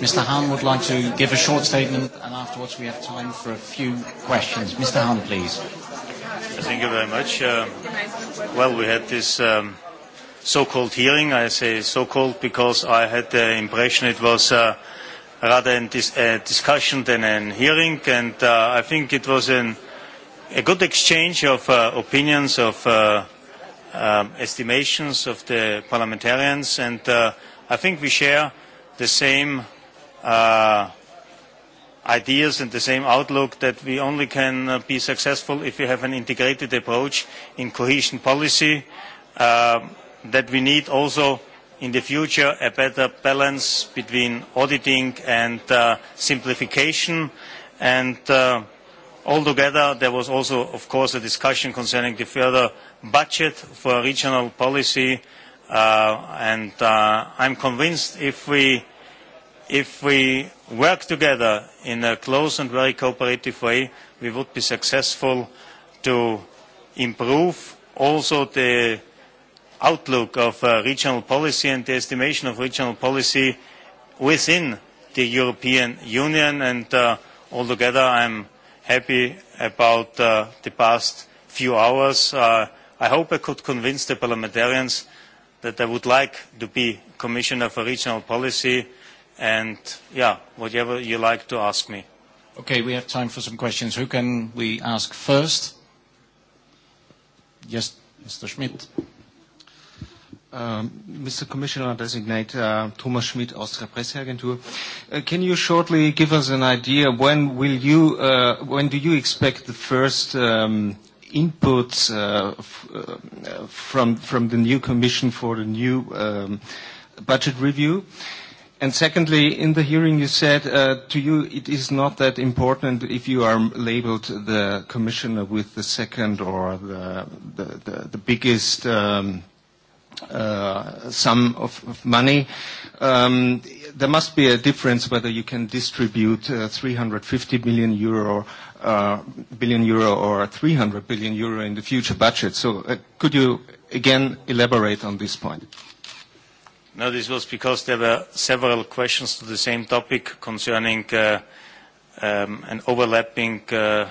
Mr. Hahn would like to give a short statement and afterwards we have time for a few questions. Mr. Hahn, please. Thank you very much. Uh, well, we had this um, so-called hearing. I say so-called because I had the impression it was uh, rather a dis uh, discussion than a hearing. And uh, I think it was an, a good exchange of uh, opinions, of uh, um, estimations of the parliamentarians. And uh, I think we share the same Uh, ideas and the same outlook that we only can uh, be successful if we have an integrated approach in cohesion policy, uh, that we need also in the future a better balance between auditing and uh, simplification. And uh, altogether, there was also, of course, a discussion concerning the further budget for regional policy. Uh, and uh, I'm convinced if we if we work together in a close and very cooperative way we would be successful to improve also the outlook of uh, regional policy and the estimation of regional policy within the European Union and uh, altogether I'm happy about uh, the past few hours. Uh, I hope I could convince the parliamentarians that I would like to be Commissioner for Regional Policy and yeah, whatever you like to ask me. Okay, we have time for some questions. Who can we ask first? Yes, Mr. Schmidt. Uh, um, Mr. Commissioner designate uh, Thomas Schmidt, Austria Press Agentur. Uh, can you shortly give us an idea when will you, uh, when do you expect the first um, inputs uh, f- uh, from, from the new commission for the new um, budget review? Uh, Secondly, in the hearing, you said uh, to you it is not that important if you are labeled the commissioner with the second or the biggest um, uh, sum of money. Um, there must be a difference whether you can distribute 350 uh, billion euro or 300 billion euro in the future budget. Could you again elaborate on this point? No, this was because there were several questions to the same topic concerning uh, um, an overlapping uh,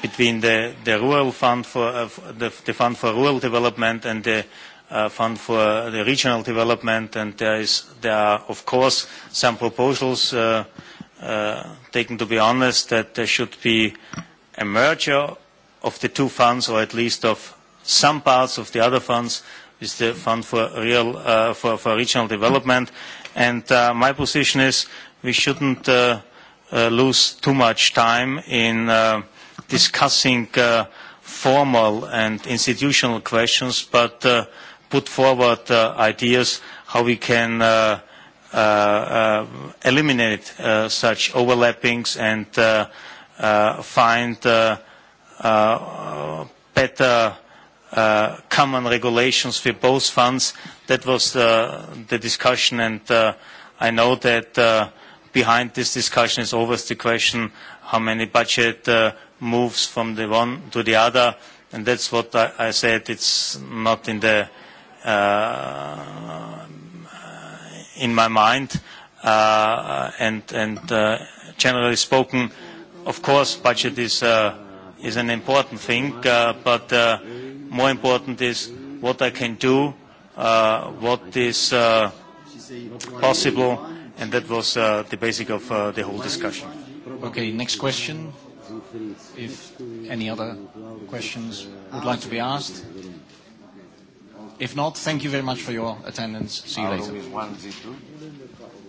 between uh, the fund for rural development and the fund for the regional development. There are, of course, some proposals, taken to be honest, that there should be a merger of the two funds, or at least of some parts of the other funds is the fund for real uh, for, for regional development and uh, my position is we shouldn't uh, uh, lose too much time in uh, discussing uh, formal and institutional questions but uh, put forward uh, ideas how we can uh, uh, uh, eliminate uh, such overlappings and uh, uh, find uh, uh, better uh, common regulations for both funds. That was uh, the discussion, and uh, I know that uh, behind this discussion is always the question how many budget uh, moves from the one to the other, and that's what I, I said. It's not in the uh, in my mind, uh, and, and uh, generally spoken, of course, budget is, uh, is an important thing, uh, but uh, more important is what I can do, uh, what is uh, possible, and that was uh, the basic of uh, the whole discussion. Okay, next question. If any other questions would like to be asked. If not, thank you very much for your attendance. See you later.